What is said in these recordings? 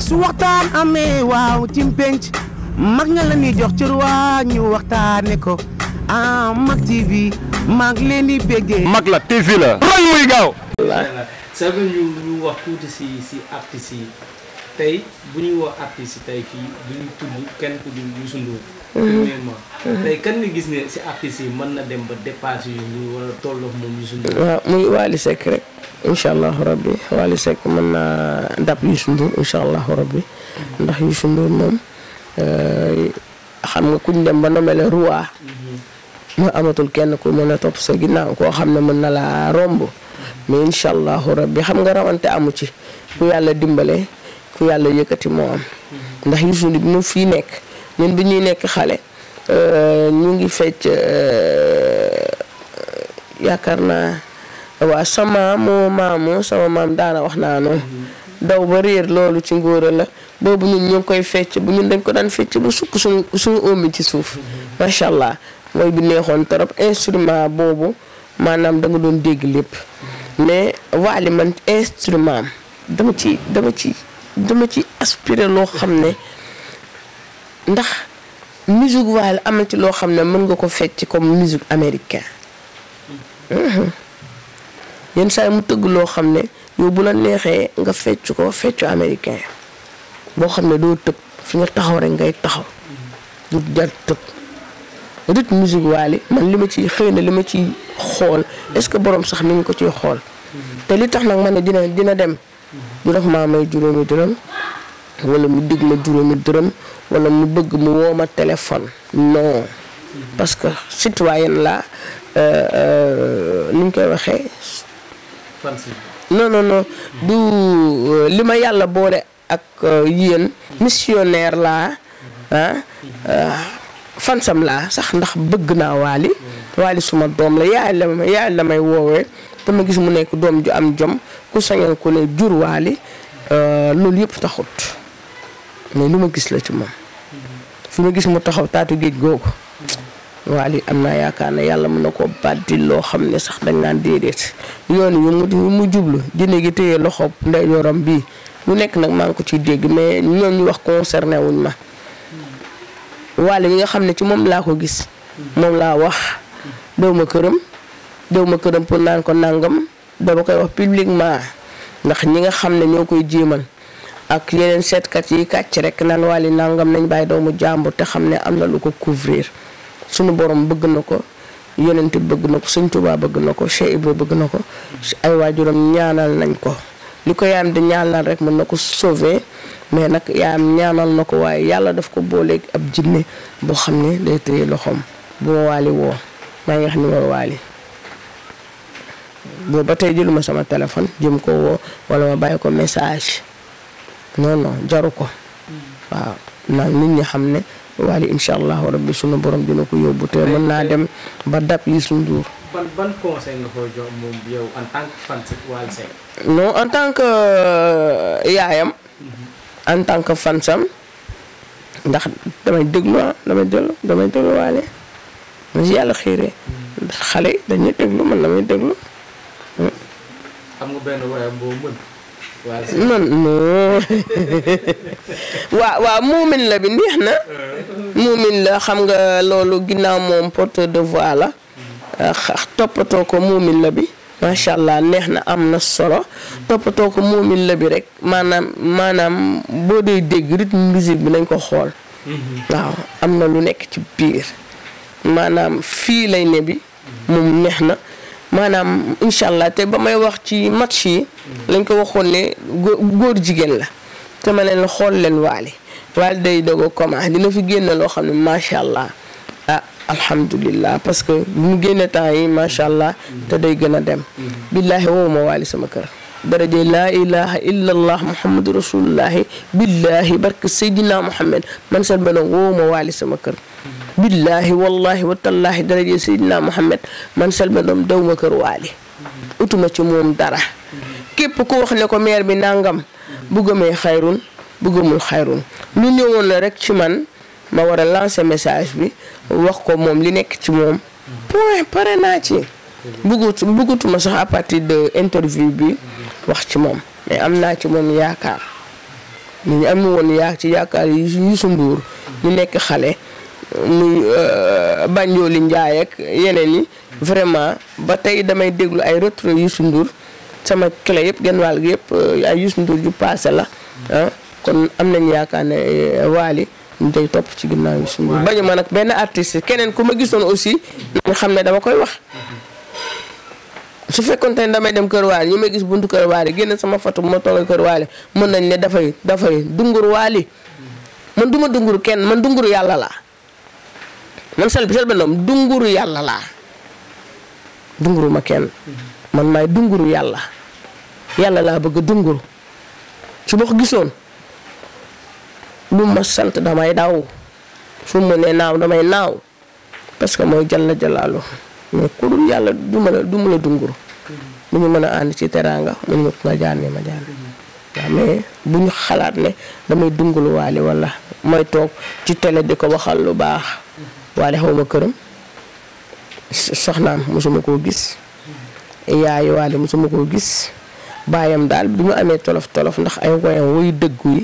su waxtaan amee waaw ci penc mag ña la ñuy jox cër waa ñu waxtaane ko ah mag TV maa ngi leen di béggee. mag la TV la. roñ muy gaaw. sa nga ñu ñu wax tuuti si si artistes yi tey bu ñuy wax artistes yi tey fii du ñu tudd kenn ku dul Youssou Ndour premièrement tey kan si artistes yi mën dem ba dépassé yu ñu wala tolloo moom Youssou Ndour. waaw muy Waly rek incha rabbi Waly mën naa dab Youssou Ndour incha rabbi ndax Youssou Ndour moom eh, xam nga kuñ dem ba nommer le roi. moo mhm. amatul kenn ku mën a topp sa ginnaaw koo xam ne mën na laa romb. mais incha allahu rabbi xam nga rawante amu ci ku yàlla dimbale ku yàlla yëkkati moo am. Mhm. ndax Youssou Ndour bi mu fii nekk. ñun bi ñuy nekk xale euh, ñu ngi fecc euh, yaakaar naa waa sama moo maamu sama maam daana wax naa noonu daw ba réer loolu ci ngóoral la boobu ñun ñu ngi koy fecc bu ñun dañ ko daan fecc bu sukk suñu suñu omi ci suuf macha allah mooy bi neexoon trop instrument boobu maanaam da doon dégg lépp mais waali man instrument dama ci dama ci dama ci aspiré loo xam ne ndax musique waalo am na ci loo xam ne mën nga ko fecc comme musique américain mhm. yenn saa yi mu tëgg loo xam ne yow bu la neexee nga fecc ko feccu américain boo xam ne doo tëb fi nga taxaw rek ngay taxaw du jar tëb rit musique waali man li ma ciy xëy na li ma ciy xool est-ce que borom sax mi ngi ko ciy xool mhm. te li tax nag man ne dina dina dem du mhm. def maa may juróomi dërëm wala mu dig ma juróomi dërëm wala mu bëgg mu woo ma téléphone non parce que citoyenne la euh, euh, ni koy waxee non non non du euh, li ma yàlla boole ak yéen missionnaire laa ah fansam laa sax ndax bëgg naa waali waali suma doom la yaay la yaay may woowee dama gis mu nekk doom ju am jom ku sañal ku ne jur waali loolu yëpp taxut mais lu ma gis la ci moom fi ma gis mu taxaw taatu géej googu yi am naa yaakaar ne yàlla mën na koo bàddi loo xam ne sax dañ naan déedéet yoon yi mu jublu jinne gi téye loxo ndeyjooram bii lu nekk nag maa ngi ko ciy dégg mais ñoom ñu wax concerné wuñ ma waale yi nga xam ne ci moom laa ko gis moom laa wax dew ma këram dew ma këram pour naan ko nangam dama koy wax publiquement ndax ñi nga xam ne ñoo koy jéemal ak yeneen seetkat yi kàcc rek naan wàlli nangam nañ bàyyi doomu jàmbur te xam ne am na lu ko couvrir sunu borom bëgg na ko yonent bëgg na ko Sëñ Tuubaa bëgg na ko Cheikh Ibra bëgg na ko ay waajuram ñaanal nañ ko li ko yaayam di ñaanal rek mën na ko sauver mais nag yaayam ñaanal na ko waaye yàlla daf ko booleeg ab jinne boo xam ne day téye loxoom bu ma waali woo maa ngi wax ni ma waali boobu ba tey jëluma sama téléphone jëm ko woo wala ma bàyyi ko message non non jaru ko waaw nag nit ñi xam ne Wally incha allahu rabbi sunu borom dina ko yóbbu te mën naa dem ba dab yi suñu duur. ban ban conseil en tant que fan en tant que euh, yaayam. Mm-hmm. en tant que fansam ndax damay déglu damay déglu damay déglu waale ma si yàlla xiiree. Mm-hmm. ndax xale dañuy déglu man damay déglu. am nga man non waaw waaw muumin la bi neex na muumin la xam nga loolu ginnaaw moom porte de voix la euh, toppatoo ko muumin la bi macha allah neex na am na solo toppatoo ko muumin la bi rek maanaam maanaam boo dee dégg rythme bi nañ ko xool mhm. waaw am na lu nekk ci biir maanaam fii lay ne bi moom neex na maanaam incha allah te ba may wax ci match yi. lañ ko waxoon ne góor jigéen la. te ma leen xool leen waali waale day doog a comment dina fi génn loo xam ne macha allah ah alhamdulilah parce que mu génne temps yi macha allah te day gën a dem. billaahi woo ma waale sama kër. daraje laa ilaha illa allah muhammadu rasulullahi billaahi barke Seydina Muhammad man seen benn woo ma waale sama kër. billahi wallahi watallahi daraje seydina Muhammad man Selbé Ndom daw ma kër waali utuma ci moom dara képp ku wax ne ko maire bi nangam bu gëmee xayrun bu gëmul xayrun lu ñëwoon la rek ci man ma war a lancer message bi wax ko moom li nekk ci moom point pare naa ci bëggut bëggutuma sax à partir de interview bi wax ci moom mais am naa ci moom yaakaar ñu am na woon yaa ci yaakaar yu Youssou Ndour ñu nekk xale muy euh, Banjoli Njaay ak yeneen yi vraiment ba tey damay déglu ay retro Youssou Ndour sama clé yëpp genn wàll gi yëpp euh, ay Youssou Ndour ju paase la ah. kon am nañ yaakaar ne euh, Waly ñu day topp ci ginnaaw Youssou Ndour bañu ma nag benn artiste keneen ku ma gisoon aussi nañ xam ne dama koy wax su fekkoon te ne damay dem Kër Waale ñu may gis buntu Kër Waale génn sama foto bu ma toogee Kër Waale mën nañ ne dafay dafay dungur Waali man du ma dunguru kenn man dunguru yàlla laa man Selbé Selbé Ndom dunguru yàlla laa dunguru ma kenn man maay dunguru yàlla yàlla laa bëgg dunguru su ma gisoon lu ma sant damay daw su ma nee naaw damay naaw parce que mooy jalla jalaalu mais ku dul yàlla du ma la du ma dunguru mu ñu mën a ànd ci teraanga mu ñu nga jaanee ma jaane mais bu ñu xalaat ne damay dungulu walla wala mooy toog ci télé di ko waxal lu baax waaye xaw ma këram soxnaan mosuma koo gis yaay waale mosuma koo gis baayam daal bi ma amee tolof tolof ndax ay woyam woyu dëggu yi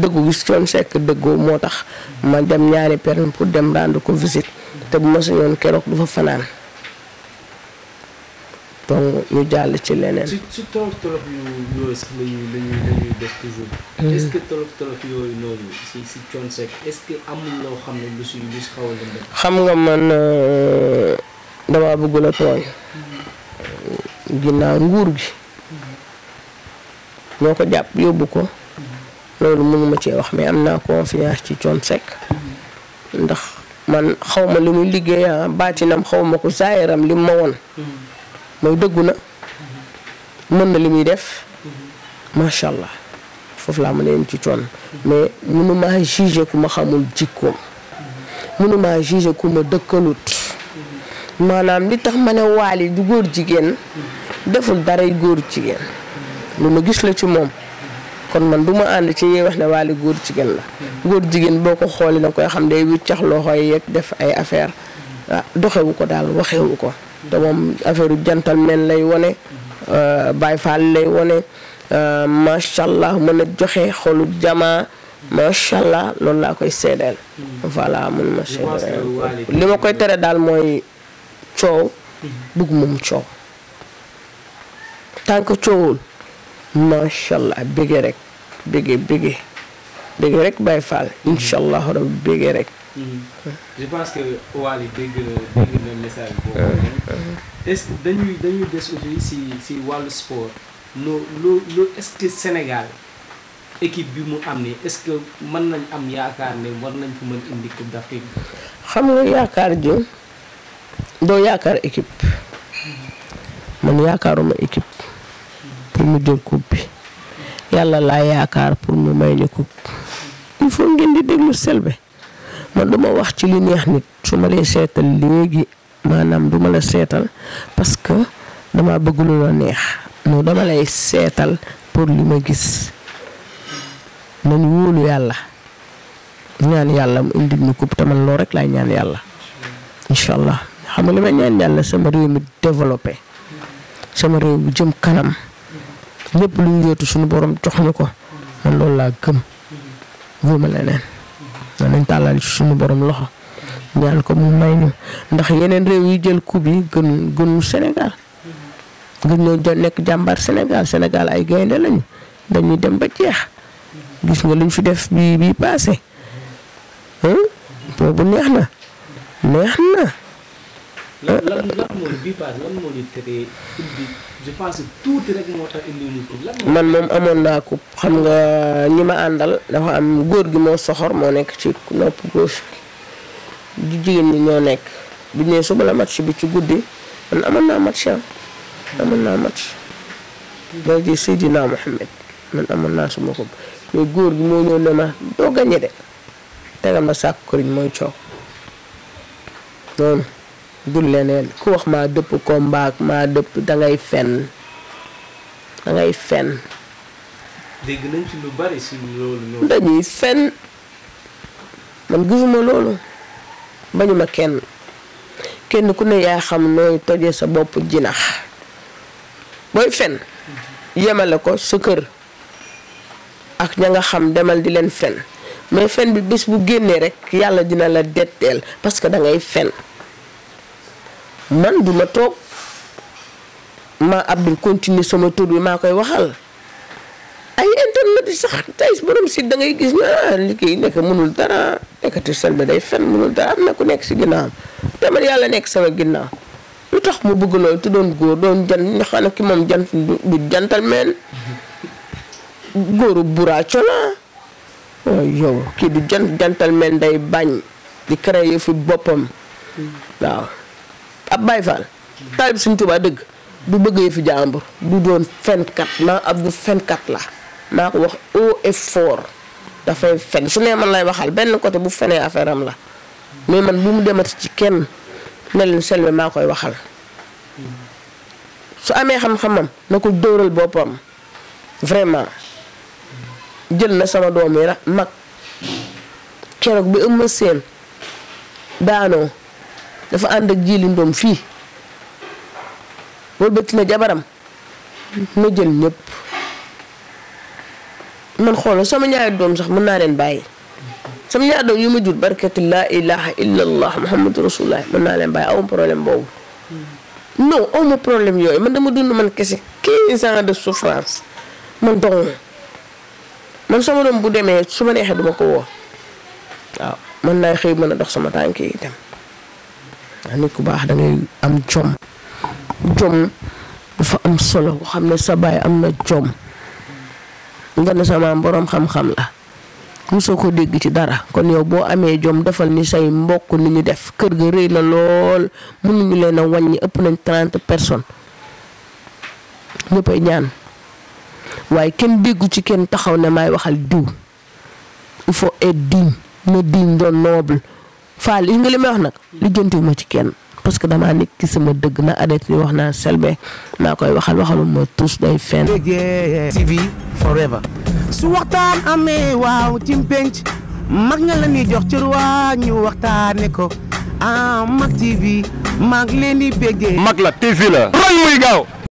dëggu gi coon sekk dëggoo moo tax ma dem ñaari permis pour dem rendre ko visite te bu ma sañoon keroog du fa fanaan donc ñu jàll ci leneen. ci ci tolof tolof yu yooyu est ce que tolof tolof yooyu xam ne lu si lu xaw xam nga man euh, damaa bëgg la tooñ. ginnaaw nguur gi. Mm-hmm. ñoo ko jàpp yóbbu ko. Mm-hmm. loolu mënuma cee wax mais am naa confiance ci Thione mm-hmm. ndax man xaw ma li muy liggéey ah, baatinam xaw ma ko saayaram li ma woon. mooy dëggu na mën na li muy def macha allah foofu laa mën a yem ci coon mais mënumaa jugé ku ma xamul jikkoom mënumaa jugé ku ma dëkkalut maanaam li tax ma ne waali du góor jigéen deful daray góor jigéen lu ma gis la ci moom kon man du ma ànd ci ñuy wax ne waali góor jigéen la góor jigéen boo ko xoolee da koy xam day wiccax loxo yeeg def ay affaire ah doxewu ko daal waxewu ko te moom affaire jantal men lay wone euh, Baye Fall lay wone euh, macha allah mën a joxe xolu jamaa macha allah loolu laa koy seedeel. voilà mun ma li ma koy tere daal mooy coow bugg moom coow tant coowul macha allah bége rek bége bége bége rek Baye Fall incha allah rabbi rek. je pense euh, euh. dañuy des aussi si si wàllu sport loo loo loo Sénégal équipe bi mu am ni est-ce que mën nañ am yaakaar ne war nañ ko mën indi Coupe d'Afrique. xam nga yaakaar jo doo yaakaar équipe man yaakaaruma équipe pour mu jël coupe bi yàlla laa yaakaar pour mu may ñu coupe il faut ngeen di déglu Selbé. man duma wax ci li neex nit su ma lay seetal léegi maanaam duma la seetal parce que dama bëgg lu la neex non dama lay seetal pour li ma gis nañ wóolu yàlla ñaan yàlla mu indil ñu kub tamal loolu rek laay ñaan yàlla incha allah xam nga li ma ñaan yàlla sama réew mi développé sama réew bu jëm kanam lépp lu ñu suñu borom jox ñu ko man loolu laa gëm gëma leneen nañ tàllal ci suñu borom loxo ñaan ko mu may ñu ndax yeneen réew yi jël coupe yi gën gënu gën ñoo nekk jàmbaar Sénégal Sénégal ay gaynde lañu dañuy dem ba jeex gis nga luñ fi def bii bii paase boobu neex na neex na. lan lan man moom amoon naa ko xam nga ñi ma àndal dafa am góor gi moo soxor moo nekk ci nopp gauche bi jigéen ñi ñoo nekk bu ñu nee suba la match bi ci guddi man amoon naa match ah. amoon naa match. boo ji Seydina man amoon naa suma ko mais góor gi moo ñëw ne ma doo gañe de tegal ma sàkk këriñ mooy coow noonu. du leneen ku wax maa dëpp koo combat maa dëpp dangay fenn dangay fenn. dégg nañ ci loolu. dañuy fenn man gisuma loolu bañu ma kenn kenn ku ne yaa xam nooy tojee sa bopp jinax booy fen yemale ko sa kër ak ña nga xam demal di leen fen mais fen bi bés bu génnee rekk yàlla dina la detteel parce que da fen man du ma toog ma Abdou continuer sama tur bi maa koy waxal ay internet yi sax tey borom site da gis ñu ah li kii nekk mënul dara nekkati Selbé day fen mënul dara am na ku nekk si ginnaawam te man yàlla nekk sama ginnaaw lu tax mu bëgg loolu te doon góor doon jant ñu xam ki moom jant góoru buraaco la yow kii du jant gentleman day bañ di créer fi boppam waaw ab Baye Fall taalib Sëñ Tuubaa dëgg bu bëggee fi jàmbur du doon fenkat naa ab du fenkat la maa ko wax haut et dafay fen su ne man lay waxal benn côté bu fenee affaire am la mais man bu mu demati ci kenn ne leen Selbé maa koy waxal su amee xam-xamam na ko dóoral boppam vraiment jël na sama doom yi mag keroog bi ëmma seen daanoo dafa ànd ak jili ndoom fii wëlbati na jabaram na jël ñëpp man xoolal sama ñaari doom sax mën naa leen bàyyi sama ñaari doom yi ma jur barkati laa ilaha illa allah muhammadu rasulullah mën naa leen bàyyi awma problème boobu no awma problème yooyu man dama dund man kese quinze ans de souffrance man dong man sama doom bu demee su ma neexee duma ko woo waaw man naa xëy mën a dox sama tànk yi itam nit ku baax da am jom jom dafa am solo xam ne sa baay am na jom nga ne sama boroom xam-xam la soo ko dégg ci dara kon yow boo amee jom defal ni say mbokk ni ñu def kër ga rëy na lool mënuñu leen wañ ni ëpp nañ trente personnes ñëppay ñaan waaye kenn déggu ci kenn taxaw ne may waxal diw il faut être digne na digne doon noble faal yi nga li may wax nag lijjantiwuma ci kenn parce que dama nekk ci ma dëgg na adet li wax naa Selbé maa koy waxal waxaluma tous day fenn TV su waxtaan amee waaw ci penc mag nga la ñuy jox cër waa ñu waxtaane ko ah mag TV mag leen di béggee mag la TV la roñ gaaw